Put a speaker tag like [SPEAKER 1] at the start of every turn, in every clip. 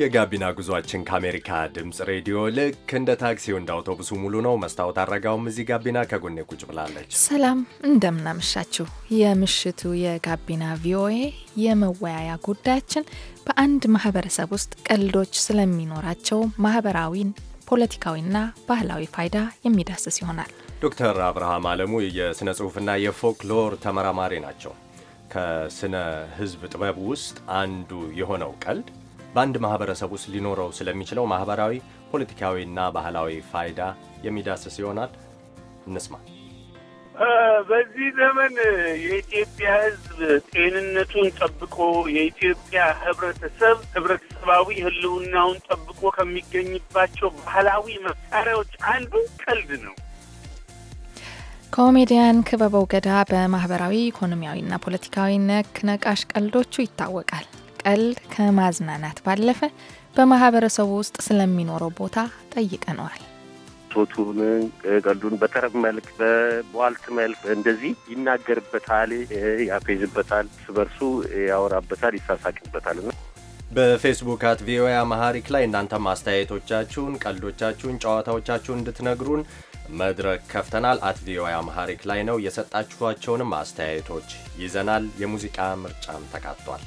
[SPEAKER 1] የጋቢና ጉዟችን ከአሜሪካ ድምፅ ሬዲዮ ልክ እንደ ታክሲው እንደ አውቶቡሱ ሙሉ ነው። መስታወት አረጋውም እዚህ ጋቢና ከጎኔ ቁጭ ብላለች።
[SPEAKER 2] ሰላም እንደምናመሻችሁ። የምሽቱ የጋቢና ቪኦኤ የመወያያ ጉዳያችን በአንድ ማህበረሰብ ውስጥ ቀልዶች ስለሚኖራቸው ማህበራዊን ፖለቲካዊና ባህላዊ ፋይዳ የሚዳስስ ይሆናል።
[SPEAKER 1] ዶክተር አብርሃም አለሙ የሥነ ጽሑፍና የፎክሎር ተመራማሪ ናቸው። ከስነ ህዝብ ጥበብ ውስጥ አንዱ የሆነው ቀልድ በአንድ ማህበረሰብ ውስጥ ሊኖረው ስለሚችለው ማህበራዊ፣ ፖለቲካዊና ባህላዊ ፋይዳ የሚዳስስ ይሆናል። እንስማ።
[SPEAKER 3] በዚህ ዘመን የኢትዮጵያ ሕዝብ ጤንነቱን ጠብቆ የኢትዮጵያ ህብረተሰብ ህብረተሰባዊ ህልውናውን ጠብቆ ከሚገኝባቸው ባህላዊ መሳሪያዎች አንዱ ቀልድ ነው።
[SPEAKER 2] ኮሜዲያን ክበበው ገዳ በማህበራዊ ኢኮኖሚያዊና ፖለቲካዊ ነክ ነቃሽ ቀልዶቹ ይታወቃል። ቀልድ ከማዝናናት ባለፈ በማህበረሰቡ ውስጥ ስለሚኖረው ቦታ ጠይቀነዋል።
[SPEAKER 4] ቶቱን ቀልዱን በተረብ መልክ በቧልት መልክ እንደዚህ ይናገርበታል፣ ያፌዝበታል፣ ስበርሱ ያወራበታል፣
[SPEAKER 1] ይሳሳቅበታል። በፌስቡክ አት ቪኦኤ አማሃሪክ ላይ እናንተም አስተያየቶቻችሁን፣ ቀልዶቻችሁን፣ ጨዋታዎቻችሁን እንድትነግሩን መድረክ ከፍተናል። አት ቪኦኤ አማሃሪክ ላይ ነው። የሰጣችኋቸውንም አስተያየቶች ይዘናል። የሙዚቃ ምርጫም ተካቷል።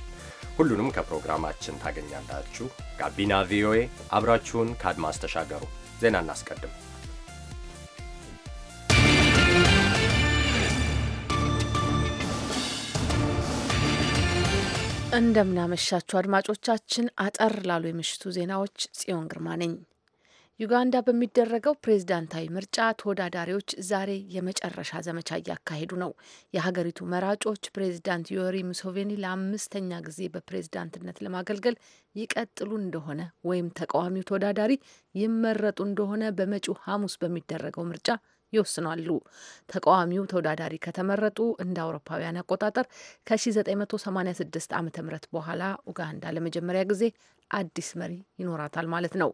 [SPEAKER 1] ሁሉንም ከፕሮግራማችን ታገኛላችሁ። ጋቢና ቪኦኤ፣ አብራችሁን ከአድማስ ተሻገሩ። ዜና እናስቀድም።
[SPEAKER 5] እንደምናመሻችሁ አድማጮቻችን፣ አጠር ላሉ የምሽቱ ዜናዎች ጽዮን ግርማ ነኝ። ዩጋንዳ በሚደረገው ፕሬዝዳንታዊ ምርጫ ተወዳዳሪዎች ዛሬ የመጨረሻ ዘመቻ እያካሄዱ ነው። የሀገሪቱ መራጮች ፕሬዝዳንት ዮሪ ሙሶቬኒ ለአምስተኛ ጊዜ በፕሬዝዳንትነት ለማገልገል ይቀጥሉ እንደሆነ ወይም ተቃዋሚው ተወዳዳሪ ይመረጡ እንደሆነ በመጪው ሐሙስ በሚደረገው ምርጫ ይወስናሉ። ተቃዋሚው ተወዳዳሪ ከተመረጡ እንደ አውሮፓውያን አቆጣጠር ከ1986 ዓ ም በኋላ ኡጋንዳ ለመጀመሪያ ጊዜ አዲስ መሪ ይኖራታል ማለት ነው።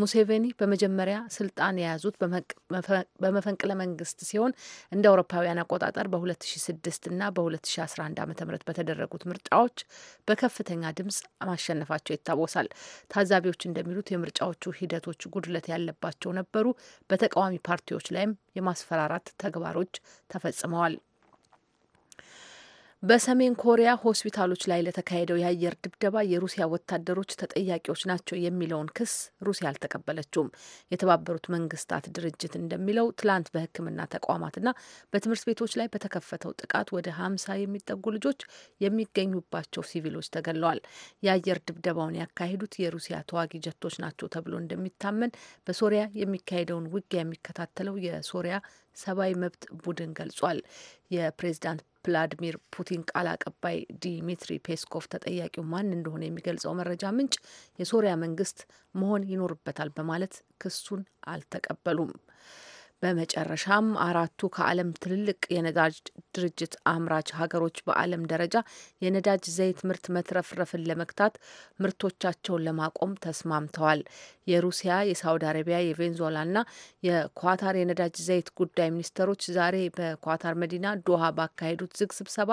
[SPEAKER 5] ሙሴቬኒ በመጀመሪያ ስልጣን የያዙት በመፈንቅለ መንግስት ሲሆን እንደ አውሮፓውያን አቆጣጠር በ2006 እና በ2011 ዓ ም በተደረጉት ምርጫዎች በከፍተኛ ድምፅ ማሸነፋቸው ይታወሳል። ታዛቢዎች እንደሚሉት የምርጫዎቹ ሂደቶች ጉድለት ያለባቸው ነበሩ። በተቃዋሚ ፓርቲዎች ላይም የማስፈራራት ተግባሮች ተፈጽመዋል። በሰሜን ኮሪያ ሆስፒታሎች ላይ ለተካሄደው የአየር ድብደባ የሩሲያ ወታደሮች ተጠያቂዎች ናቸው የሚለውን ክስ ሩሲያ አልተቀበለችውም። የተባበሩት መንግስታት ድርጅት እንደሚለው ትላንት በሕክምና ተቋማትና በትምህርት ቤቶች ላይ በተከፈተው ጥቃት ወደ ሀምሳ የሚጠጉ ልጆች የሚገኙባቸው ሲቪሎች ተገለዋል። የአየር ድብደባውን ያካሄዱት የሩሲያ ተዋጊ ጀቶች ናቸው ተብሎ እንደሚታመን በሶሪያ የሚካሄደውን ውጊያ የሚከታተለው የሶሪያ ሰብአዊ መብት ቡድን ገልጿል። የፕሬዚዳንት ቭላድሚር ፑቲን ቃል አቀባይ ዲሚትሪ ፔስኮቭ ተጠያቂው ማን እንደሆነ የሚገልጸው መረጃ ምንጭ የሶሪያ መንግስት መሆን ይኖርበታል በማለት ክሱን አልተቀበሉም። በመጨረሻም አራቱ ከዓለም ትልልቅ የነዳጅ ድርጅት አምራች ሀገሮች በዓለም ደረጃ የነዳጅ ዘይት ምርት መትረፍረፍን ለመግታት ምርቶቻቸውን ለማቆም ተስማምተዋል። የሩሲያ፣ የሳውዲ አረቢያ፣ የቬንዙዌላና የኳታር የነዳጅ ዘይት ጉዳይ ሚኒስተሮች ዛሬ በኳታር መዲና ዶሃ ባካሄዱት ዝግ ስብሰባ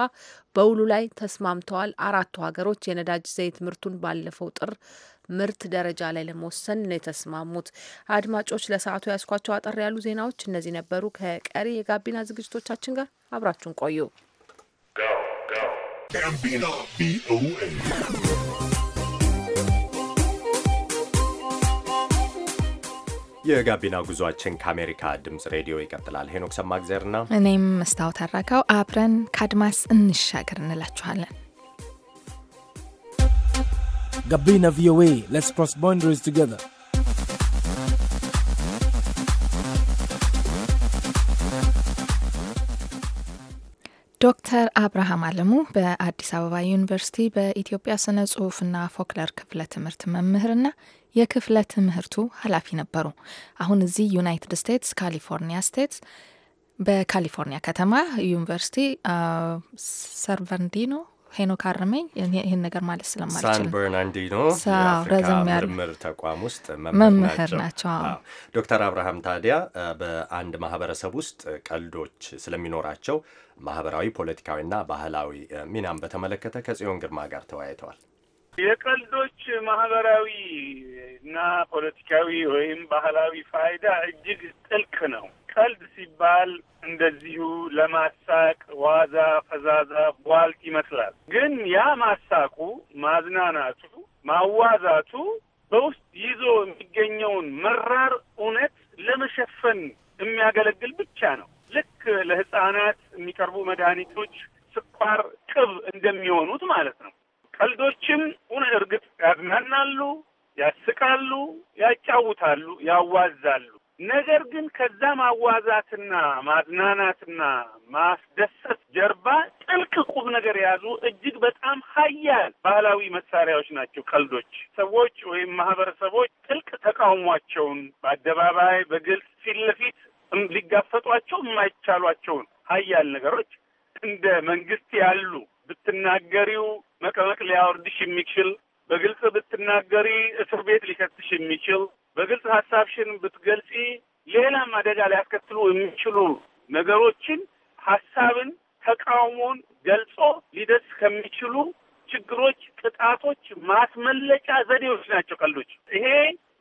[SPEAKER 5] በውሉ ላይ ተስማምተዋል። አራቱ ሀገሮች የነዳጅ ዘይት ምርቱን ባለፈው ጥር ምርት ደረጃ ላይ ለመወሰን ነው የተስማሙት። አድማጮች ለሰዓቱ ያስኳቸው አጠር ያሉ ዜናዎች እነዚህ ነበሩ። ከቀሪ የጋቢና ዝግጅቶቻችን ጋር አብራችሁን ቆዩ።
[SPEAKER 1] የጋቢና ጉዟችን ከአሜሪካ ድምጽ ሬዲዮ ይቀጥላል። ሄኖክ ሰማግዜርና እኔም
[SPEAKER 2] መስታወት አራጋው አብረን ከአድማስ እንሻገር እንላችኋለን።
[SPEAKER 6] Gabina VOA. Let's cross boundaries together.
[SPEAKER 2] ዶክተር አብርሃም አለሙ በአዲስ አበባ ዩኒቨርሲቲ በኢትዮጵያ ስነ ጽሁፍና ፎክለር ክፍለ ትምህርት መምህርና የክፍለ ትምህርቱ ኃላፊ ነበሩ። አሁን እዚህ ዩናይትድ ስቴትስ ካሊፎርኒያ ስቴትስ በካሊፎርኒያ ከተማ ዩኒቨርሲቲ ሰርቨንዲኖ ሄኖክ አርመኝ ይህን ነገር ማለት ስለማልችል ሳን በርናንዲኖ የአፍሪካ ምርምር
[SPEAKER 1] ተቋም ውስጥ መምህር ናቸው። ዶክተር አብርሃም ታዲያ በአንድ ማህበረሰብ ውስጥ ቀልዶች ስለሚኖራቸው ማህበራዊ፣ ፖለቲካዊና ባህላዊ ሚናም በተመለከተ ከጽዮን ግርማ ጋር ተወያይተዋል።
[SPEAKER 3] የቀልዶች ማህበራዊ እና ፖለቲካዊ ወይም ባህላዊ ፋይዳ እጅግ ጥልቅ ነው። ሲባል እንደዚሁ ለማሳቅ ዋዛ ፈዛዛ ቧልት ይመስላል። ግን ያ ማሳቁ፣ ማዝናናቱ፣ ማዋዛቱ በውስጥ ይዞ የሚገኘውን መራር እውነት ለመሸፈን የሚያገለግል ብቻ ነው። ልክ ለሕፃናት የሚቀርቡ መድኃኒቶች ስኳር፣ ቅብ እንደሚሆኑት ማለት ነው። ቀልዶችም ሁን እርግጥ ያዝናናሉ፣ ያስቃሉ፣ ያጫውታሉ፣ ያዋዛሉ። ነገር ግን ከዛ ማዋዛትና ማዝናናትና ማስደሰት ጀርባ ጥልቅ ቁብ ነገር የያዙ እጅግ በጣም ሀያል ባህላዊ መሳሪያዎች ናቸው። ቀልዶች ሰዎች ወይም ማህበረሰቦች ጥልቅ ተቃውሟቸውን በአደባባይ በግልጽ ፊት ለፊት ሊጋፈጧቸው የማይቻሏቸውን ሀያል ነገሮች እንደ መንግስት ያሉ ብትናገሪው መቀመቅ ሊያወርድሽ የሚችል በግልጽ ብትናገሪ እስር ቤት ሊከትሽ የሚችል በግልጽ ሀሳብሽን ብትገልጺ
[SPEAKER 1] ሌላም አደጋ
[SPEAKER 3] ሊያስከትሉ የሚችሉ ነገሮችን ሀሳብን፣ ተቃውሞን ገልጾ ሊደርስ ከሚችሉ ችግሮች፣ ቅጣቶች ማስመለጫ ዘዴዎች ናቸው ቀልዶች። ይሄ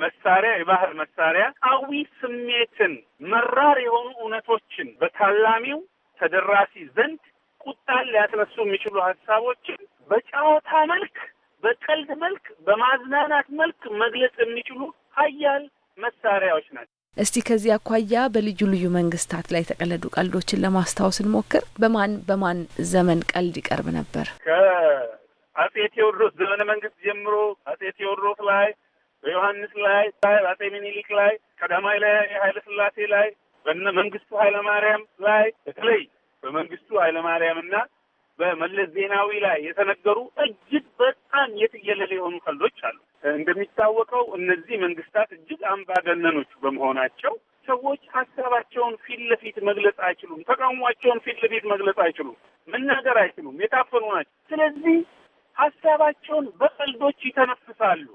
[SPEAKER 3] መሳሪያ የባህል መሳሪያ አዊ ስሜትን መራር የሆኑ እውነቶችን በታላሚው ተደራሲ ዘንድ ቁጣን ሊያስነሱ የሚችሉ ሀሳቦችን በጨዋታ መልክ፣ በቀልድ መልክ፣ በማዝናናት መልክ መግለጽ የሚችሉ ሀያል መሳሪያዎች ናቸው።
[SPEAKER 5] እስቲ ከዚህ አኳያ በልዩ ልዩ መንግስታት ላይ የተቀለዱ ቀልዶችን ለማስታወስ እንሞክር። በማን በማን ዘመን ቀልድ ይቀርብ ነበር?
[SPEAKER 3] ከአጼ ቴዎድሮስ ዘመነ መንግስት ጀምሮ አጼ ቴዎድሮስ ላይ፣ በዮሐንስ ላይ፣ አጼ ሚኒሊክ ላይ፣ ቀዳማዊ ላይ፣ ኃይለ ስላሴ ላይ፣ በነ መንግስቱ ኃይለ ማርያም ላይ በተለይ በመንግስቱ ኃይለ ማርያም እና በመለስ ዜናዊ ላይ የተነገሩ እጅግ በጣም የትየለለ የሆኑ ቀልዶች አሉ። እንደሚታወቀው እነዚህ መንግስታት እጅግ አምባገነኖች በመሆናቸው ሰዎች ሀሳባቸውን ፊት ለፊት መግለጽ አይችሉም። ተቃውሟቸውን ፊት ለፊት መግለጽ አይችሉም። መናገር አይችሉም። የታፈኑ ናቸው። ስለዚህ ሀሳባቸውን በቀልዶች ይተነፍሳሉ።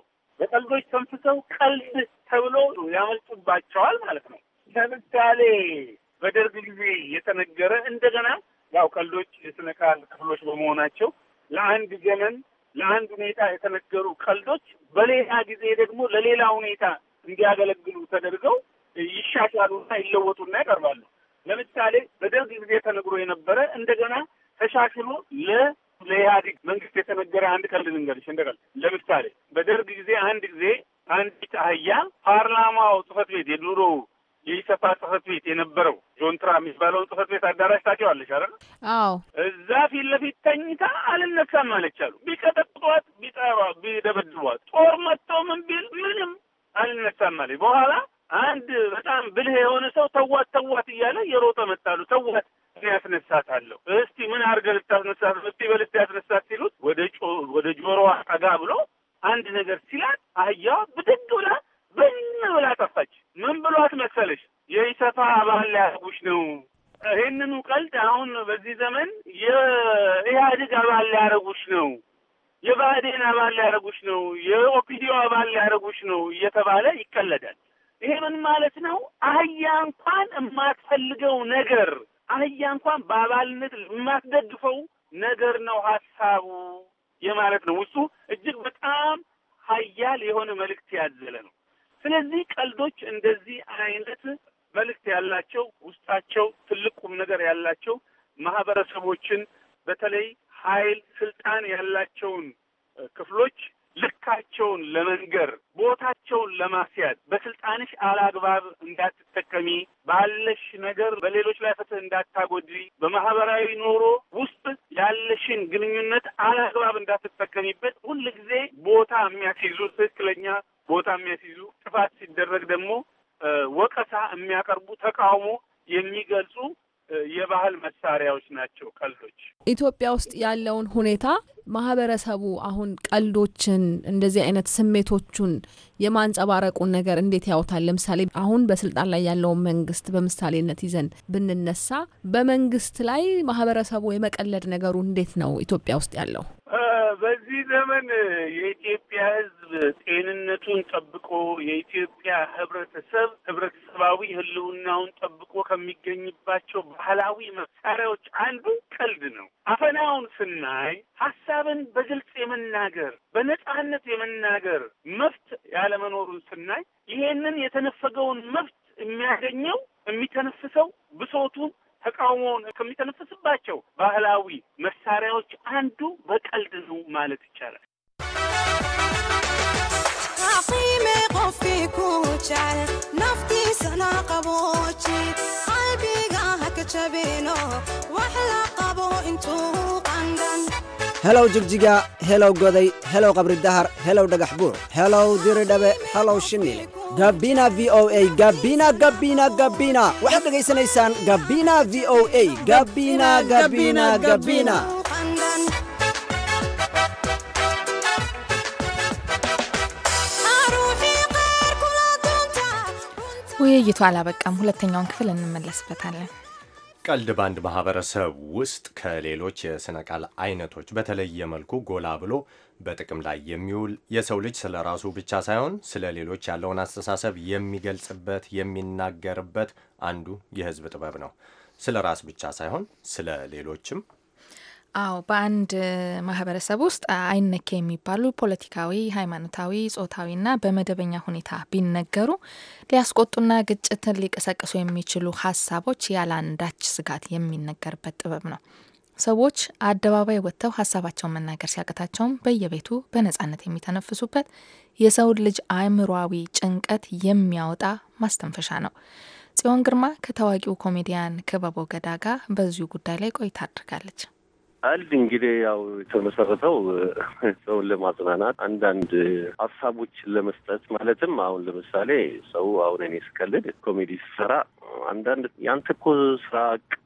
[SPEAKER 3] በቀልዶች ተንፍሰው ቀልድ ተብሎ ያመልጡባቸዋል ማለት ነው። ለምሳሌ በደርግ ጊዜ የተነገረ እንደገና ያው ቀልዶች የስነ ቃል ክፍሎች በመሆናቸው ለአንድ ዘመን ለአንድ ሁኔታ የተነገሩ ቀልዶች በሌላ ጊዜ ደግሞ ለሌላ ሁኔታ እንዲያገለግሉ ተደርገው ይሻሻሉና ይለወጡና ይቀርባሉ። ለምሳሌ በደርግ ጊዜ ተነግሮ የነበረ እንደገና ተሻሽሎ ለ ለኢህአዴግ መንግስት የተነገረ አንድ ቀልድ ልንገርሽ። ቀልድ ለምሳሌ በደርግ ጊዜ አንድ ጊዜ አንዲት አህያ ፓርላማው ጽህፈት ቤት የድሮ የኢሰፓ ጽህፈት ቤት የነበረው ጆንትራ የሚባለውን ጽህፈት ቤት አዳራሽ ታውቂዋለሽ አይደል? አዎ። እዛ ፊት ለፊት ተኝታ አልነሳም አለች አሉ። ቢቀጠቅጧት፣ ቢጠሯ፣ ቢደበድቧት ጦር መጥተው ምን ቢል ምንም አልነሳም አለች። በኋላ አንድ በጣም ብልህ የሆነ ሰው ተዋት ተዋት እያለ የሮጠ መጣሉ ተዋት ያስነሳታለሁ እስቲ ምን አድርገህ ልታስነሳት እስቲ በልት ያስነሳት ሲሉት ወደ ወደ ጆሮዋ ጠጋ ብሎ አንድ ነገር ሲላት አህያዋ ብድግ ብላ ብን ብላ ጠፋች። ምን ብሏት መሰለሽ የኢሰፓ አባል ሊያደርጉሽ ነው። ይህንኑ ቀልድ አሁን በዚህ ዘመን የኢህአዴግ አባል ሊያደርጉሽ ነው፣
[SPEAKER 1] የባህዴን አባል ሊያደርጉሽ
[SPEAKER 3] ነው፣ የኦፒዲዮ አባል ሊያደርጉሽ ነው እየተባለ ይቀለዳል። ይሄ ምን ማለት ነው? አህያ እንኳን የማትፈልገው ነገር አህያ እንኳን በአባልነት የማትደግፈው ነገር ነው ሀሳቡ የማለት ነው። ውሱ እጅግ በጣም ሀያል የሆነ መልእክት ያዘለ ነው። ስለዚህ ቀልዶች እንደዚህ አይነት መልእክት ያላቸው ውስጣቸው ትልቅ ቁም ነገር ያላቸው ማህበረሰቦችን በተለይ ኃይል፣ ስልጣን ያላቸውን ክፍሎች ልካቸውን ለመንገር ቦታቸውን ለማስያዝ በስልጣንሽ አላግባብ እንዳትጠቀሚ፣ ባለሽ ነገር በሌሎች ላይ ፍትህ እንዳታጎድ በማህበራዊ ኑሮ ውስጥ ያለሽን ግንኙነት አላግባብ እንዳትጠቀሚበት ጊዜ ቦታ የሚያስይዙ ትክክለኛ ቦታ የሚያስይዙ ጥፋት ሲደረግ ደግሞ ወቀሳ የሚያቀርቡ ተቃውሞ የሚገልጹ የባህል መሳሪያዎች ናቸው ቀልዶች።
[SPEAKER 5] ኢትዮጵያ ውስጥ ያለውን ሁኔታ ማህበረሰቡ አሁን ቀልዶችን እንደዚህ አይነት ስሜቶቹን የማንጸባረቁን ነገር እንዴት ያውታል? ለምሳሌ አሁን በስልጣን ላይ ያለውን መንግስት በምሳሌነት ይዘን ብንነሳ በመንግስት ላይ ማህበረሰቡ የመቀለድ ነገሩ እንዴት ነው ኢትዮጵያ ውስጥ ያለው?
[SPEAKER 3] በዚህ ዘመን የኢትዮጵያ ሕዝብ ጤንነቱን ጠብቆ የኢትዮጵያ ህብረተሰብ ህብረተሰባዊ ህልውናውን ጠብቆ ከሚገኝባቸው ባህላዊ መሳሪያዎች አንዱ ቀልድ ነው። አፈናውን ስናይ ሀሳብን በግልጽ የመናገር በነጻነት የመናገር መብት ያለመኖሩን ስናይ ይሄንን የተነፈገውን መብት የሚያገኘው የሚተነፍሰው ብሶቱን ተቃውሞውን ከሚተነፍስባቸው ባህላዊ መሳሪያዎች አንዱ በቀልድ ነው ማለት ይቻላል።
[SPEAKER 6] ቆፊ ኩቻ ነፍቲ ሰና ቀቦች helow jigjiga helow goday helow qabri dahar helow dhagax buur helow diridhabe helow shinile gabina v o a gabina gabina gabina waxaad dhegaysanaysaan gabina v o a
[SPEAKER 1] gabina gabina gabina
[SPEAKER 2] ውይይቱ አላበቃም። ሁለተኛውን ክፍል እንመለስበታለን።
[SPEAKER 1] ቀልድ ባንድ ማህበረሰብ ውስጥ ከሌሎች የስነቃል ቃል አይነቶች በተለየ መልኩ ጎላ ብሎ በጥቅም ላይ የሚውል የሰው ልጅ ስለ ራሱ ብቻ ሳይሆን ስለ ሌሎች ያለውን አስተሳሰብ የሚገልጽበት የሚናገርበት አንዱ የህዝብ ጥበብ ነው። ስለ ራስ ብቻ ሳይሆን ስለ ሌሎችም
[SPEAKER 2] አዎ በአንድ ማህበረሰብ ውስጥ አይነኬ የሚባሉ ፖለቲካዊ፣ ሃይማኖታዊ፣ ጾታዊና በመደበኛ ሁኔታ ቢነገሩ ሊያስቆጡና ግጭትን ሊቀሰቅሱ የሚችሉ ሀሳቦች ያለአንዳች ስጋት የሚነገርበት ጥበብ ነው። ሰዎች አደባባይ ወጥተው ሀሳባቸውን መናገር ሲያቅታቸውም በየቤቱ በነጻነት የሚተነፍሱበት የሰውን ልጅ አእምሯዊ ጭንቀት የሚያወጣ ማስተንፈሻ ነው። ጽዮን ግርማ ከታዋቂው ኮሜዲያን ክበቦ ገዳ ጋር በዚሁ ጉዳይ ላይ ቆይታ አድርጋለች።
[SPEAKER 4] አንድ እንግዲህ ያው የተመሰረተው ሰውን ለማጽናናት አንዳንድ ሀሳቦችን ለመስጠት ማለትም አሁን ለምሳሌ ሰው አሁን እኔ ስቀልድ ኮሜዲ ስሰራ አንዳንድ ያንተ እኮ ስራ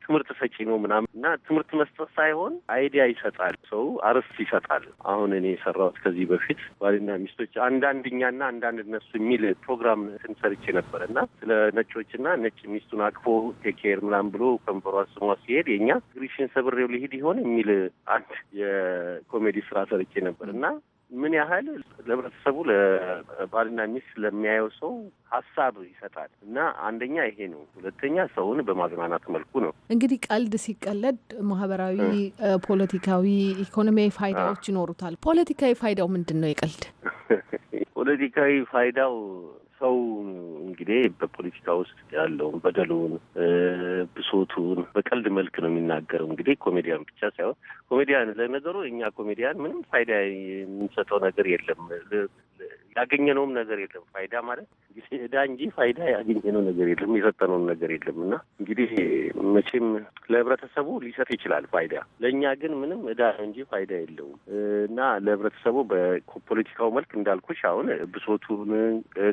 [SPEAKER 4] ትምህርት ሰጪ ነው ምናምን እና ትምህርት መስጠት ሳይሆን አይዲያ ይሰጣል ሰው አርስት ይሰጣል። አሁን እኔ የሰራሁት ከዚህ በፊት ባልና ሚስቶች አንዳንድ እኛና አንዳንድ እነሱ የሚል ፕሮግራም እንትን ሰርቼ ነበር እና ስለ ነጮችና ነጭ ሚስቱን አቅፎ ቴኬር ምናምን ብሎ ከንበሯ ስሟ ሲሄድ የእኛ ግሪሽን ሰብሬው ሊሄድ ይሆን የሚል አንድ የኮሜዲ ስራ ሰርቼ ነበር እና ምን ያህል ለህብረተሰቡ ለባልና ሚስት ለሚያየው ሰው ሀሳብ ይሰጣል እና አንደኛ ይሄ ነው። ሁለተኛ ሰውን በማዝናናት መልኩ ነው።
[SPEAKER 5] እንግዲህ ቀልድ ሲቀለድ ማህበራዊ፣ ፖለቲካዊ፣ ኢኮኖሚያዊ ፋይዳዎች ይኖሩታል። ፖለቲካዊ ፋይዳው ምንድን ነው? የቀልድ
[SPEAKER 4] ፖለቲካዊ ፋይዳው ሰው እንግዲህ በፖለቲካ ውስጥ ያለውን በደሉን፣ ብሶቱን በቀልድ መልክ ነው የሚናገረው። እንግዲህ ኮሜዲያን ብቻ ሳይሆን ኮሜዲያን ለነገሩ እኛ ኮሜዲያን ምንም ፋይዳ የምንሰጠው ነገር የለም። ያገኘነውም ነገር የለም። ፋይዳ ማለት እዳ እንጂ ፋይዳ ያገኘነው ነገር የለም፣ የሰጠነውን ነገር የለም። እና እንግዲህ መቼም ለህብረተሰቡ ሊሰጥ ይችላል ፋይዳ፣ ለእኛ ግን ምንም እዳ ነው እንጂ ፋይዳ የለውም። እና ለህብረተሰቡ በፖለቲካው መልክ እንዳልኩሽ አሁን ብሶቱን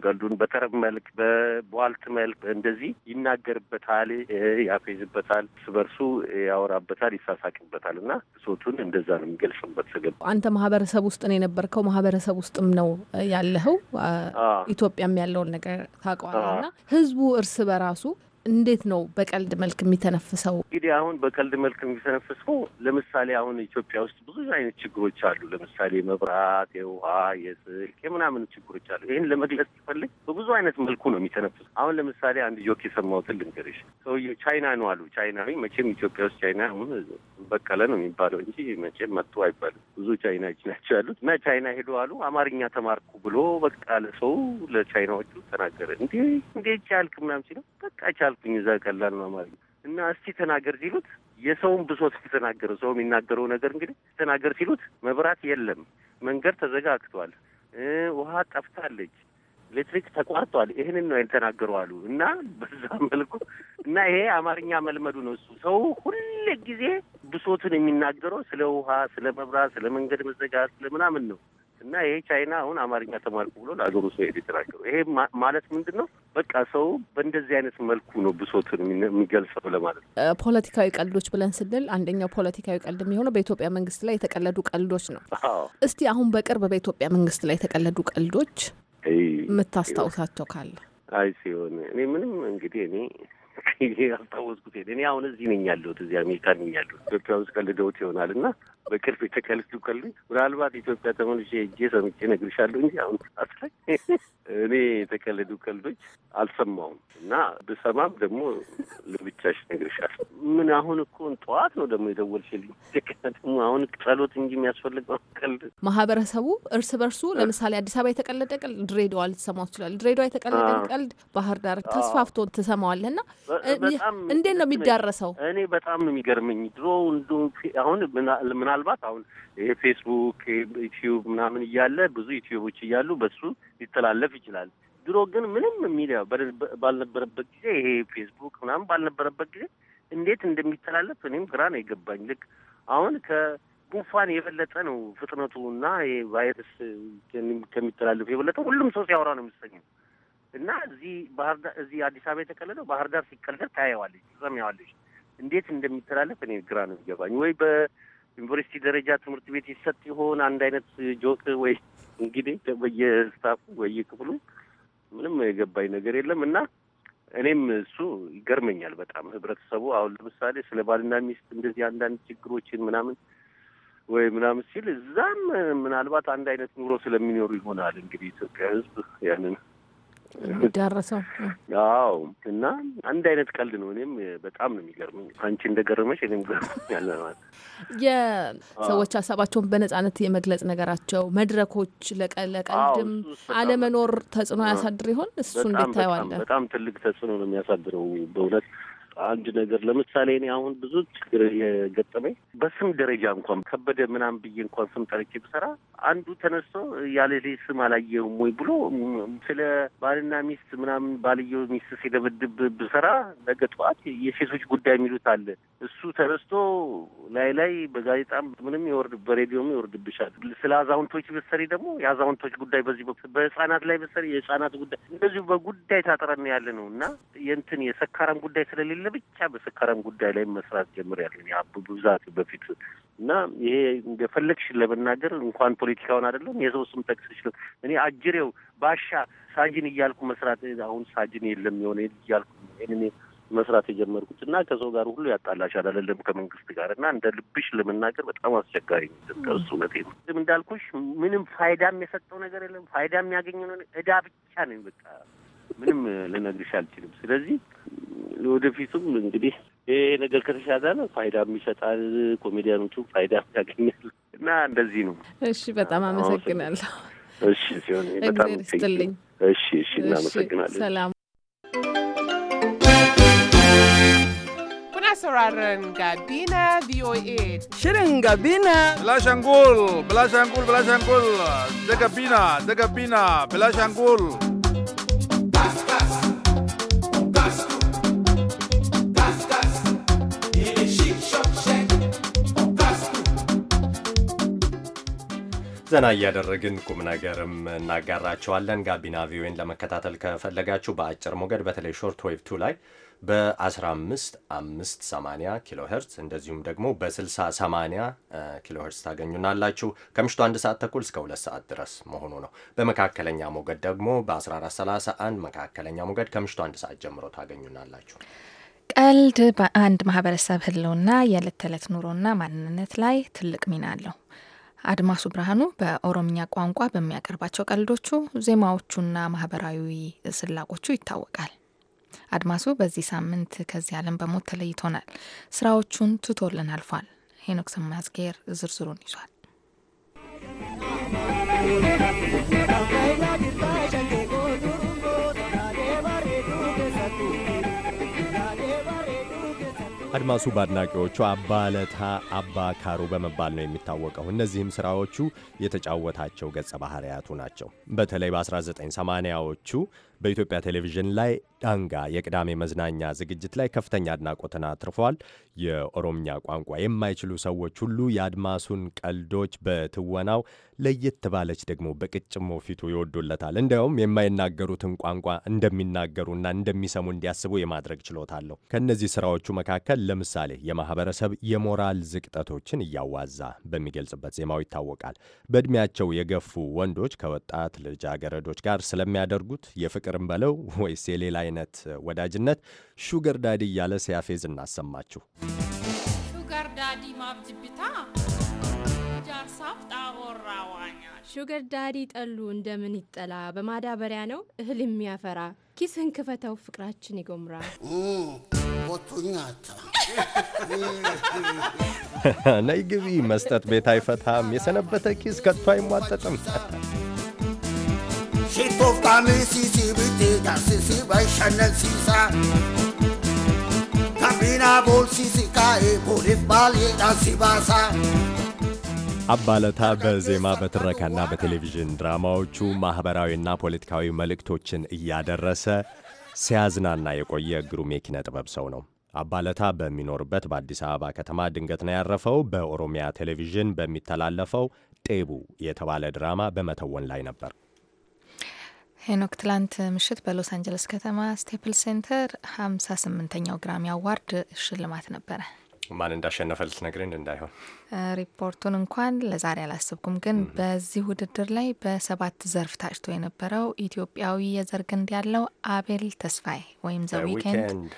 [SPEAKER 4] ቀልዱን በተረብ መልክ በቧልት መልክ እንደዚህ ይናገርበታል፣ ያፌዝበታል፣ ስበርሱ ያወራበታል፣ ይሳሳቅበታል። እና ብሶቱን እንደዛ ነው የሚገልጽበት።
[SPEAKER 5] አንተ ማህበረሰብ ውስጥ ነው የነበርከው፣ ማህበረሰብ ውስጥም ነው ያለኸው ኢትዮጵያም ያለውን ነገር ታውቀዋለህ። እና ህዝቡ እርስ በራሱ እንዴት ነው በቀልድ መልክ የሚተነፍሰው?
[SPEAKER 4] እንግዲህ አሁን በቀልድ መልክ የሚተነፍሰው ለምሳሌ አሁን ኢትዮጵያ ውስጥ ብዙ አይነት ችግሮች አሉ። ለምሳሌ የመብራት፣ የውሃ፣ የስልክ፣ የምናምን ችግሮች አሉ። ይህን ለመግለጽ ሲፈልግ በብዙ አይነት መልኩ ነው የሚተነፍሱ። አሁን ለምሳሌ አንድ ጆክ የሰማሁትን ልንገርሽ። ሰውዬው ቻይና ነው አሉ። ቻይናዊ መቼም ኢትዮጵያ ውስጥ ቻይና አሁን በቀለ ነው የሚባለው እንጂ መቼም መጥቶ አይባልም። ብዙ ቻይናዎች ናቸው ያሉት እና ቻይና ሄዶ አሉ አማርኛ ተማርኩ ብሎ በቃ ለሰው ለቻይናዎቹ ተናገረ። እንዴ እንዴ ቻልክ ምናምን ሲለው በቃ ቻልኩኝ እዛ ቀላል ነው አማርኛ እና እስቲ ተናገር ሲሉት የሰውን ብሶት የተናገረው ሰው የሚናገረው ነገር እንግዲህ ተናገር ሲሉት መብራት የለም፣ መንገድ ተዘጋግቷል፣ ውሃ ጠፍታለች፣ ኤሌክትሪክ ተቋርጧል፣ ይህንን ነው የተናገሩ አሉ እና በዛ መልኩ እና ይሄ አማርኛ መልመዱ ነው። እሱ ሰው ሁል ጊዜ ብሶቱን የሚናገረው ስለ ውሃ፣ ስለ መብራት፣ ስለ መንገድ መዘጋት፣ ስለ ምናምን ነው እና ይሄ ቻይና አሁን አማርኛ ተማርኩ ብሎ ለአገሩ ሰው ሄድ የተናገሩ ይሄ ማለት ምንድን ነው? በቃ ሰው በእንደዚህ አይነት መልኩ ነው ብሶትን የሚገልጸው ለማለት
[SPEAKER 5] ነው። ፖለቲካዊ ቀልዶች ብለን ስንል አንደኛው ፖለቲካዊ ቀልድ የሚሆነው በኢትዮጵያ መንግስት ላይ የተቀለዱ ቀልዶች ነው። እስቲ አሁን በቅርብ በኢትዮጵያ መንግስት ላይ የተቀለዱ ቀልዶች የምታስታውሳቸው ካለ?
[SPEAKER 4] አይ ሲሆን እኔ ምንም እንግዲህ እኔ ያስታወስኩት እኔ አሁን እዚህ ነኝ ያለሁት፣ እዚህ አሜሪካ ነኝ ያለሁት። ኢትዮጵያ ውስጥ ቀልደውት ይሆናል እና በቅርብ የተቀልሉ ከሉ ምናልባት ኢትዮጵያ ተመልሼ ሄጄ ሰምቼ እነግርሻለሁ እንጂ አሁን ሰዓት ላይ እኔ የተከለዱ ቀልዶች አልሰማውም እና ብሰማም ደግሞ ልብቻሽ ነግርሻል። ምን አሁን እኮ ጠዋት ነው ደግሞ የደወልሽልኝ። ደግሞ አሁን ጸሎት እንጂ የሚያስፈልገው ቀልድ
[SPEAKER 5] ማህበረሰቡ እርስ በርሱ ለምሳሌ አዲስ አበባ የተቀለደ ቀልድ ድሬዳዋ ልትሰማው ትችላለህ። ድሬዳዋ የተቀለደን ቀልድ ባህር ዳር ተስፋፍቶ ትሰማዋለህ እና እንዴት ነው የሚዳረሰው?
[SPEAKER 4] እኔ በጣም ነው የሚገርመኝ ድሮ እንደ አሁን ምና ምናልባት አሁን ይሄ ፌስቡክ ዩቲዩብ ምናምን እያለ ብዙ ዩቲዩቦች እያሉ በሱ ሊተላለፍ ይችላል። ድሮ ግን ምንም ሚዲያ ባልነበረበት ጊዜ ይሄ ፌስቡክ ምናምን ባልነበረበት ጊዜ እንዴት እንደሚተላለፍ እኔም ግራ ነው የገባኝ። ልክ አሁን ከጉንፋን የበለጠ ነው ፍጥነቱ እና ቫይረስ ከሚተላለፉ የበለጠ ሁሉም ሰው ሲያወራ ነው የሚሰኘው እና እዚህ ባህር ዳር እዚህ አዲስ አበባ የተቀለለው ባህር ዳር ሲቀለል ታየዋለች፣ ትሰሚያዋለች። እንዴት እንደሚተላለፍ እኔ ግራ ነው የሚገባኝ ወይ በ ዩኒቨርሲቲ ደረጃ ትምህርት ቤት ይሰጥ ይሆን? አንድ አይነት ጆክ ወይ እንግዲህ በየስታፉ በየክፍሉ ምንም የገባኝ ነገር የለም እና እኔም እሱ ይገርመኛል በጣም ህብረተሰቡ አሁን ለምሳሌ ስለ ባልና ሚስት እንደዚህ አንዳንድ ችግሮችን ምናምን ወይ ምናምን ሲል እዛም ምናልባት አንድ አይነት ኑሮ ስለሚኖሩ ይሆናል እንግዲህ ኢትዮጵያ ህዝብ ያንን የሚዳረሰው። አዎ እና አንድ አይነት ቀልድ ነው። እኔም በጣም ነው የሚገርመኝ። አንቺ እንደገረመች እኔም
[SPEAKER 5] የሰዎች ሀሳባቸውን በነጻነት የመግለጽ ነገራቸው መድረኮች ለቀልድም አለመኖር ተጽዕኖ ያሳድር ይሆን? እሱ እንዴት ታየዋለህ?
[SPEAKER 4] በጣም ትልቅ ተጽዕኖ ነው የሚያሳድረው በእውነት አንድ ነገር ለምሳሌ እኔ አሁን ብዙ ችግር የገጠመኝ በስም ደረጃ እንኳን ከበደ ምናምን ብዬ እንኳን ስም ጠርቼ ብሰራ አንዱ ተነስቶ ያለሌ ስም አላየውም ወይ ብሎ ስለ ባልና ሚስት ምናምን ባልየው ሚስት ሲደበድብ ብሰራ ነገ ጠዋት የሴቶች ጉዳይ የሚሉት አለ። እሱ ተነስቶ ላይ ላይ በጋዜጣም ምንም ይወርድ በሬዲዮም ይወርድብሻል። ስለ አዛውንቶች ብትሰሪ ደግሞ የአዛውንቶች ጉዳይ በዚህ በህጻናት ላይ ብትሰሪ የህጻናት ጉዳይ እንደዚሁ በጉዳይ ታጠረን ያለ ነው እና የእንትን የሰካራም ጉዳይ ስለሌለ ብቻ በሰከረም ጉዳይ ላይ መስራት ጀምሬያለሁ ብዛት በፊት እና ይሄ እንደፈለግሽ ለመናገር እንኳን ፖለቲካውን አይደለም የሰው ስም ጠቅስሽ ነው። እኔ አጅሬው ባሻ ሳጅን እያልኩ መስራት አሁን ሳጅን የለም የሆነ እያልኩ እኔ መስራት የጀመርኩት እና ከሰው ጋር ሁሉ ያጣላሻል አይደለም ከመንግስት ጋር እና እንደ ልብሽ ለመናገር በጣም አስቸጋሪ ነው። እሱ እውነቴ ነው። እንዳልኩሽ ምንም ፋይዳ የሰጠው ነገር የለም። ፋይዳ የሚያገኘ ነው እዳ ብቻ ነው በቃ ምንም ልነግርሽ አልችልም። ስለዚህ ወደፊቱም እንግዲህ ይህ ነገር ነ ፋይዳም ይሰጣል፣ ኮሜዲያኖቹ ፋይዳም ያገኛል እና እንደዚህ ነው።
[SPEAKER 5] እሺ፣ በጣም አመሰግናለሁ።
[SPEAKER 4] እሺ፣ ሲሆን በጣም ይስጥልኝ። እሺ፣ እሺ፣ እናመሰግናለን።
[SPEAKER 5] ሰላም
[SPEAKER 6] sauraron Gabina VOA. Shirin Gabina. Bilashangul, Gabina, Gabina,
[SPEAKER 1] ዘና እያደረግን ቁም ነገርም እናጋራቸዋለን። ጋቢና ቪኦኤን ለመከታተል ከፈለጋችሁ በአጭር ሞገድ በተለይ ሾርት ዌቭ ቱ ላይ በ15580 ኪሎ ሄርትስ እንደዚሁም ደግሞ በ6080 ኪሎ ሄርትስ ታገኙናላችሁ። ከምሽቱ አንድ ሰዓት ተኩል እስከ ሁለት ሰዓት ድረስ መሆኑ ነው። በመካከለኛ ሞገድ ደግሞ በ1431 መካከለኛ ሞገድ ከምሽቱ አንድ ሰዓት ጀምሮ ታገኙናላችሁ።
[SPEAKER 2] ቀልድ በአንድ ማህበረሰብ ህልውና፣ የዕለት ተዕለት ኑሮና ማንነት ላይ ትልቅ ሚና አለው። አድማሱ ብርሃኑ በኦሮምኛ ቋንቋ በሚያቀርባቸው ቀልዶቹ፣ ዜማዎቹና ማህበራዊ ስላቆቹ ይታወቃል። አድማሱ በዚህ ሳምንት ከዚህ ዓለም በሞት ተለይቶናል። ስራዎቹን ትቶልን አልፏል። ሄኖክ ሰማዝጌር ዝርዝሩን ይዟል።
[SPEAKER 1] አድማሱ በአድናቂዎቹ አባለታ አባ ካሩ በመባል ነው የሚታወቀው። እነዚህም ስራዎቹ የተጫወታቸው ገጸ ባህርያቱ ናቸው። በተለይ በ1980ዎቹ በኢትዮጵያ ቴሌቪዥን ላይ ዳንጋ የቅዳሜ መዝናኛ ዝግጅት ላይ ከፍተኛ አድናቆትን አትርፏል። የኦሮምኛ ቋንቋ የማይችሉ ሰዎች ሁሉ የአድማሱን ቀልዶች በትወናው ለየት ባለች ደግሞ በቅጭሞ ፊቱ ይወዱለታል። እንዲያውም የማይናገሩትን ቋንቋ እንደሚናገሩና እንደሚሰሙ እንዲያስቡ የማድረግ ችሎታ አለው። ከእነዚህ ስራዎቹ መካከል ለምሳሌ የማህበረሰብ የሞራል ዝቅጠቶችን እያዋዛ በሚገልጽበት ዜማው ይታወቃል። በእድሜያቸው የገፉ ወንዶች ከወጣት ልጃገረዶች ጋር ስለሚያደርጉት የፍቅር ፍቅርም በለው ወይስ የሌላ አይነት ወዳጅነት ሹገር ዳዲ እያለ ሲያፌዝ እናሰማችሁ።
[SPEAKER 5] ሹገር ዳዲ ማብጅብታ
[SPEAKER 2] ሹገር ዳዲ ጠሉ እንደምን ይጠላ በማዳበሪያ ነው እህል የሚያፈራ ኪስህን ክፈተው ፍቅራችን ይጎምራ
[SPEAKER 1] ነይ ግቢ መስጠት ቤት አይፈታም የሰነበተ ኪስ ከቶ አይሟጠጥም።
[SPEAKER 4] Boftan Sisi Bitega Sisi Baishanel Sisa Tambina Bol Sisi Kae Bolif Baleda Sibasa
[SPEAKER 1] አባለታ በዜማ በትረካና በቴሌቪዥን ድራማዎቹ ማኅበራዊና ፖለቲካዊ መልእክቶችን እያደረሰ ሲያዝናና የቆየ ግሩም የኪነ ጥበብ ሰው ነው። አባለታ በሚኖርበት በአዲስ አበባ ከተማ ድንገት ነው ያረፈው። በኦሮሚያ ቴሌቪዥን በሚተላለፈው ጤቡ የተባለ ድራማ በመተወን ላይ ነበር።
[SPEAKER 2] ሄኖክ ትላንት ምሽት በሎስ አንጀለስ ከተማ ስቴፕል ሴንተር ሀምሳ ስምንተኛው ግራሚ አዋርድ ሽልማት ነበረ።
[SPEAKER 1] ማን እንዳሸነፈ ልትነግረን እንዳይሆን
[SPEAKER 2] ሪፖርቱን እንኳን ለዛሬ አላስብኩም ግን በዚህ ውድድር ላይ በሰባት ዘርፍ ታጭቶ የነበረው ኢትዮጵያዊ የዘር ግንድ ያለው አቤል ተስፋዬ ወይም ዘ ዊኬንድ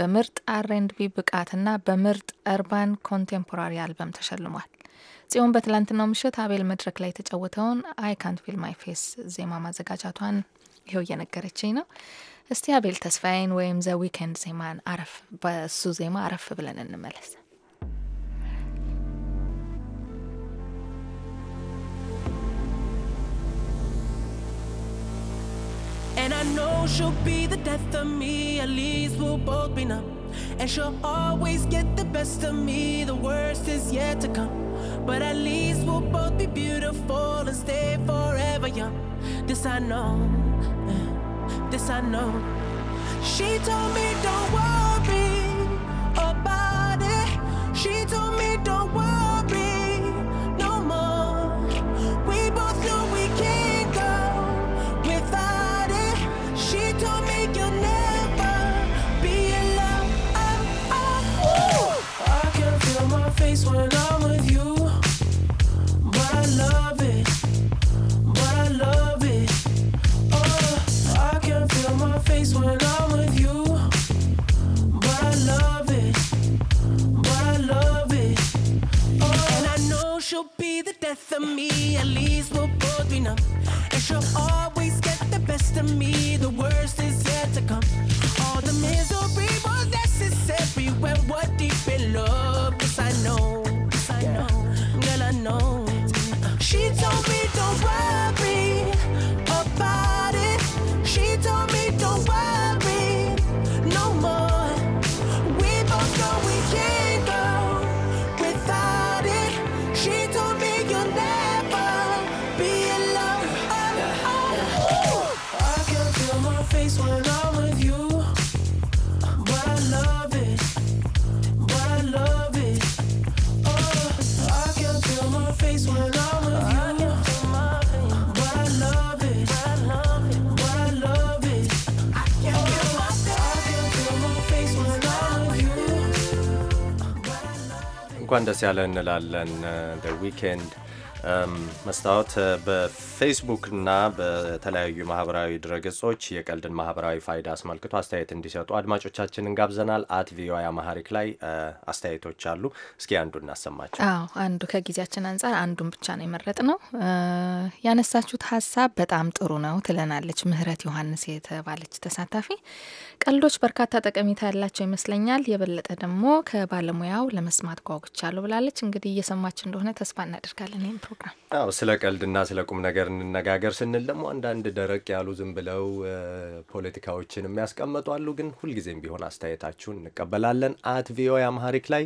[SPEAKER 2] በምርጥ አር ኤንድ ቢ ብቃትና በምርጥ እርባን ኮንቴምፖራሪ አልበም ተሸልሟል። ጽዮን በትላንትናው ምሽት አቤል መድረክ ላይ የተጫወተውን አይ ካንት ፊል ማይ ፌስ ዜማ ማዘጋጃቷን ይኸው እየነገረችኝ ነው። እስቲ አቤል ተስፋዬን ወይም ዘ ዊኬንድ ዜማን አረፍ በእሱ ዜማ አረፍ ብለን እንመለስ።
[SPEAKER 6] And I know she'll be the death of me, at least we'll both be numb. And she'll always get the best of me, the worst is yet to come. But at least we'll both be beautiful and stay forever young. This I know, this I know. She told me don't worry about it. She told me don't worry.
[SPEAKER 1] እንኳን ደስ ያለ እንላለን። ዊኬንድ uh, um, መስታወት uh, በፌስቡክና በተለያዩ ማህበራዊ ድረገጾች የቀልድን ማህበራዊ ፋይዳ አስመልክቶ አስተያየት እንዲሰጡ አድማጮቻችንን ጋብዘናል። አት ቪኦኤ አማሃሪክ ላይ አስተያየቶች አሉ። እስኪ አንዱ እናሰማቸው።
[SPEAKER 2] አዎ አንዱ ከጊዜያችን አንጻር አንዱን ብቻ ነው የመረጥ ነው። ያነሳችሁት ሀሳብ በጣም ጥሩ ነው ትለናለች ምህረት ዮሐንስ የተባለች ተሳታፊ። ቀልዶች በርካታ ጠቀሜታ ያላቸው ይመስለኛል። የበለጠ ደግሞ ከባለሙያው ለመስማት ጓጉቻለሁ ብላለች። እንግዲህ እየሰማች እንደሆነ ተስፋ እናደርጋለን ይህም ፕሮግራም።
[SPEAKER 1] ስለ ቀልድና ስለ ቁም ነገር እንነጋገር ስንል ደግሞ አንዳንድ ደረቅ ያሉ ዝም ብለው ፖለቲካዎችን የሚያስቀምጡ አሉ። ግን ሁልጊዜም ቢሆን አስተያየታችሁን እንቀበላለን። አት ቪኦኤ አማሪክ ላይ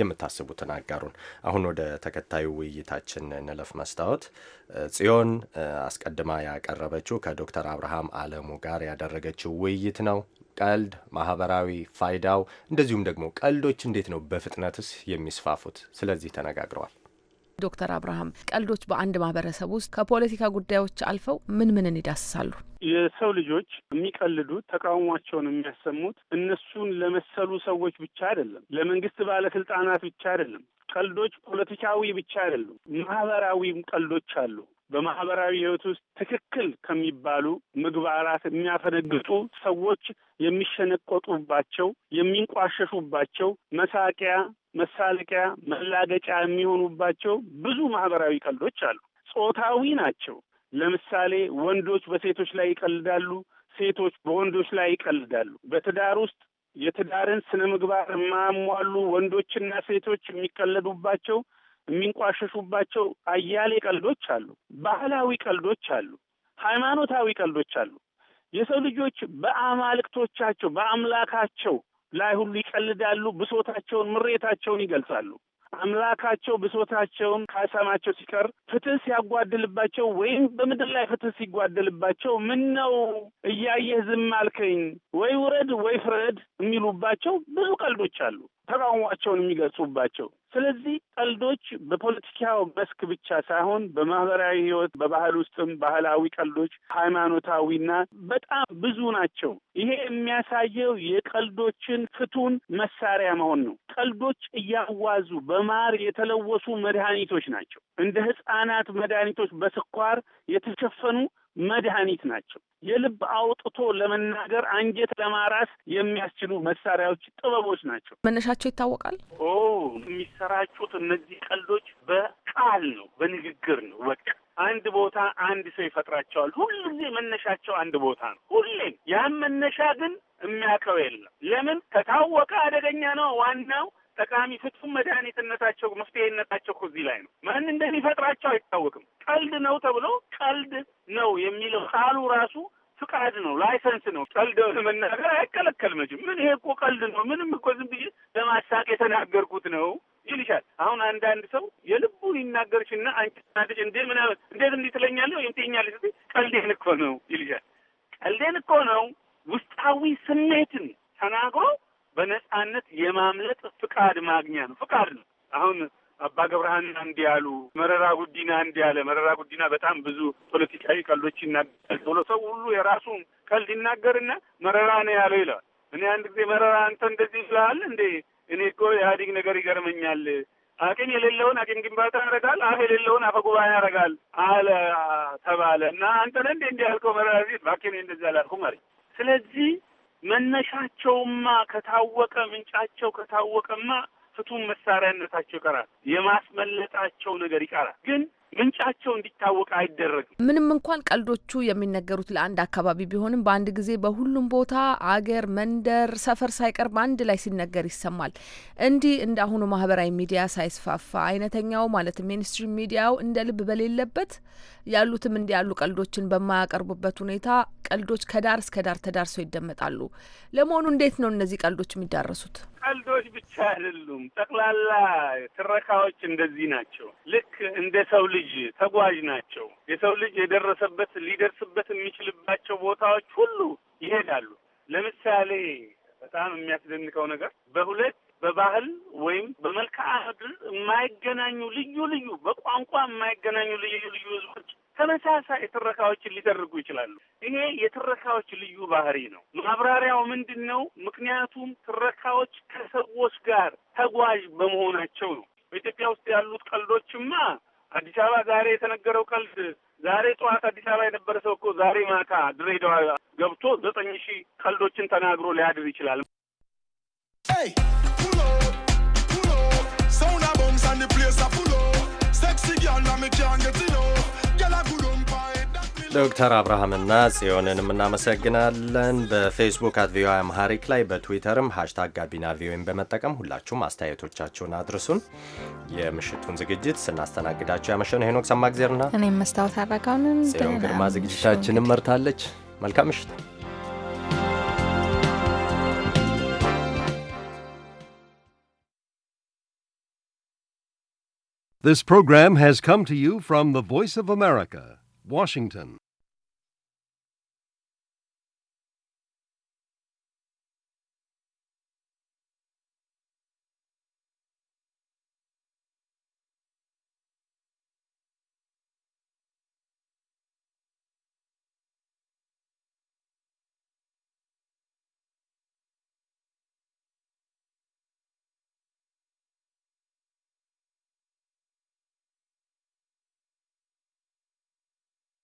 [SPEAKER 1] የምታስቡትን አጋሩን። አሁን ወደ ተከታዩ ውይይታችን ንለፍ መስታወት ጽዮን አስቀድማ ያቀረበችው ከዶክተር አብርሃም አለሙ ጋር ያደረገችው ውይይት ነው። ቀልድ ማህበራዊ ፋይዳው፣ እንደዚሁም ደግሞ ቀልዶች እንዴት ነው በፍጥነትስ የሚስፋፉት? ስለዚህ ተነጋግረዋል።
[SPEAKER 5] ዶክተር አብርሃም ቀልዶች በአንድ ማህበረሰብ ውስጥ ከፖለቲካ ጉዳዮች አልፈው ምን ምንን ይዳስሳሉ?
[SPEAKER 3] የሰው ልጆች የሚቀልዱት ተቃውሟቸውን የሚያሰሙት እነሱን ለመሰሉ ሰዎች ብቻ አይደለም፣ ለመንግስት ባለስልጣናት ብቻ አይደለም። ቀልዶች ፖለቲካዊ ብቻ አይደሉም፣ ማህበራዊም ቀልዶች አሉ። በማህበራዊ ህይወት ውስጥ ትክክል ከሚባሉ ምግባራት የሚያፈነግጡ ሰዎች የሚሸነቆጡባቸው፣ የሚንቋሸሹባቸው መሳቂያ፣ መሳለቂያ፣ መላገጫ የሚሆኑባቸው ብዙ ማህበራዊ ቀልዶች አሉ። ጾታዊ ናቸው። ለምሳሌ ወንዶች በሴቶች ላይ ይቀልዳሉ፣ ሴቶች በወንዶች ላይ ይቀልዳሉ። በትዳር ውስጥ የትዳርን ስነ ምግባር የማያሟሉ ወንዶችና ሴቶች የሚቀለዱባቸው የሚንቋሸሹባቸው አያሌ ቀልዶች አሉ። ባህላዊ ቀልዶች አሉ። ሃይማኖታዊ ቀልዶች አሉ። የሰው ልጆች በአማልክቶቻቸው በአምላካቸው ላይ ሁሉ ይቀልዳሉ። ብሶታቸውን፣ ምሬታቸውን ይገልጻሉ። አምላካቸው ብሶታቸውን ካሰማቸው ሲቀር ፍትህ ሲያጓድልባቸው ወይም በምድር ላይ ፍትህ ሲጓደልባቸው ምን ነው እያየህ ዝም አልከኝ ወይ ውረድ ወይ ፍረድ የሚሉባቸው ብዙ ቀልዶች አሉ። ተቃውሟቸውን የሚገልጹባቸው ስለዚህ ቀልዶች በፖለቲካው መስክ ብቻ ሳይሆን በማህበራዊ ህይወት፣ በባህል ውስጥም ባህላዊ ቀልዶች፣ ሃይማኖታዊና በጣም ብዙ ናቸው። ይሄ የሚያሳየው የቀልዶችን ፍቱን መሳሪያ መሆን ነው። ቀልዶች እያዋዙ በማር የተለወሱ መድኃኒቶች ናቸው። እንደ ህጻናት መድኃኒቶች በስኳር የተሸፈኑ መድኃኒት ናቸው። የልብ አውጥቶ ለመናገር አንጀት ለማራስ የሚያስችሉ መሳሪያዎች፣ ጥበቦች ናቸው።
[SPEAKER 5] መነሻቸው ይታወቃል
[SPEAKER 3] ኦ የሚሰራጩት እነዚህ ቀልዶች በቃል ነው፣ በንግግር ነው። በቃ አንድ ቦታ አንድ ሰው ይፈጥራቸዋል። ሁሉ ጊዜ መነሻቸው አንድ ቦታ ነው። ሁሌም ያም መነሻ ግን የሚያውቀው የለም። ለምን ከታወቀ አደገኛ ነው። ዋናው ጠቃሚ ፍጹም መድኃኒትነታቸው መፍትሄነታቸው እዚህ ላይ ነው። ማን እንደሚፈጥራቸው አይታወቅም። ቀልድ ነው ተብሎ ቀልድ ነው የሚለው ቃሉ ራሱ ፍቃድ ነው፣ ላይሰንስ ነው። ቀልድ መናገር አይከለከል መቼም። ምን ይሄ እኮ ቀልድ ነው፣ ምንም እኮ ዝም ብዬ ለማሳቅ የተናገርኩት ነው ይልሻል። አሁን አንዳንድ ሰው የልቡን ይናገርሽና አንቺ ናትሽ እንዴ ምን እንዴት እንዲህ ትለኛለህ ወይም ትኛለሽ ስ ቀልዴን እኮ ነው ይልሻል። ቀልዴን እኮ ነው ውስጣዊ ስሜትን ተናግሮ በነጻነት የማምለጥ ፍቃድ ማግኛ ነው። ፍቃድ ነው አሁን አባ ገብረሃና እንዲህ ያሉ፣ መረራ ጉዲና እንዲህ ያለ። መረራ ጉዲና በጣም ብዙ ፖለቲካዊ ቀልዶች ይናገራል ብሎ ሰው ሁሉ የራሱን ቀልድ ይናገርና መረራ ነው ያለው ይለዋል። እኔ አንድ ጊዜ መረራ አንተ እንደዚህ ይላል እንዴ? እኔ እኮ ኢህአዴግ ነገር ይገርመኛል። አቅም የሌለውን አቅም ግንባታ ያደርጋል፣ አፍ የሌለውን አፈ ጉባኤ ያደርጋል አለ ተባለ እና አንተ ነህ እንዴ እንዲህ ያልከው መረራ ጊዜ እባክህ እንደዚህ አላልኩም አለኝ። ስለዚህ መነሻቸውማ ከታወቀ ምንጫቸው ከታወቀማ ፍቱን መሳሪያነታቸው ይቀራል። የማስመለጣቸው ነገር ይቀራል ግን ምንጫቸው እንዲታወቅ አይደረግም።
[SPEAKER 5] ምንም እንኳን ቀልዶቹ የሚነገሩት ለአንድ አካባቢ ቢሆንም በአንድ ጊዜ በሁሉም ቦታ አገር፣ መንደር፣ ሰፈር ሳይቀር በአንድ ላይ ሲነገር ይሰማል። እንዲህ እንደ አሁኑ ማህበራዊ ሚዲያ ሳይስፋፋ አይነተኛው ማለት ሜንስትሪም ሚዲያው እንደ ልብ በሌለበት ያሉትም እንዲ ያሉ ቀልዶችን በማያቀርቡበት ሁኔታ ቀልዶች ከዳር እስከ ዳር ተዳርሰው ይደመጣሉ። ለመሆኑ እንዴት ነው እነዚህ ቀልዶች የሚዳረሱት?
[SPEAKER 3] ቀልዶች ብቻ አይደሉም። ጠቅላላ ትረካዎች እንደዚህ ናቸው። ልክ እንደ ሰው ልጅ ተጓዥ ናቸው። የሰው ልጅ የደረሰበት ሊደርስበት የሚችልባቸው ቦታዎች ሁሉ ይሄዳሉ። ለምሳሌ በጣም የሚያስደንቀው ነገር በሁለት በባህል ወይም በመልክዓ ምድር የማይገናኙ ልዩ ልዩ በቋንቋ የማይገናኙ ልዩ ልዩ ህዝቦች ተመሳሳይ ትረካዎችን ሊደርጉ ይችላሉ። ይሄ የትረካዎች ልዩ ባህሪ ነው። ማብራሪያው ምንድን ነው? ምክንያቱም ትረካዎች ከሰዎች ጋር ተጓዥ በመሆናቸው ነው። በኢትዮጵያ ውስጥ ያሉት ቀልዶችማ አዲስ አበባ ዛሬ የተነገረው ቀልድ ዛሬ ጠዋት አዲስ አበባ የነበረ ሰው እኮ ዛሬ ማታ ድሬዳዋ ገብቶ ዘጠኝ ሺህ ቀልዶችን ተናግሮ ሊያድር ይችላል።
[SPEAKER 1] ዶክተር አብርሃምና ጽዮንን እናመሰግናለን። በፌስቡክ አት ቪኦኤ አምሃሪክ ላይ በትዊተርም ሃሽታግ ጋቢና ቪኦኤን በመጠቀም ሁላችሁም አስተያየቶቻችሁን አድርሱን። የምሽቱን ዝግጅት ስናስተናግዳቸው ያመሸነው ሄኖክ ሰማግዜርና
[SPEAKER 2] እኔም መስታወት አረጋውንን ጽዮን
[SPEAKER 1] ግርማ ዝግጅታችንን መርታለች። መልካም ምሽት። This program has come to you from the Voice of America, Washington.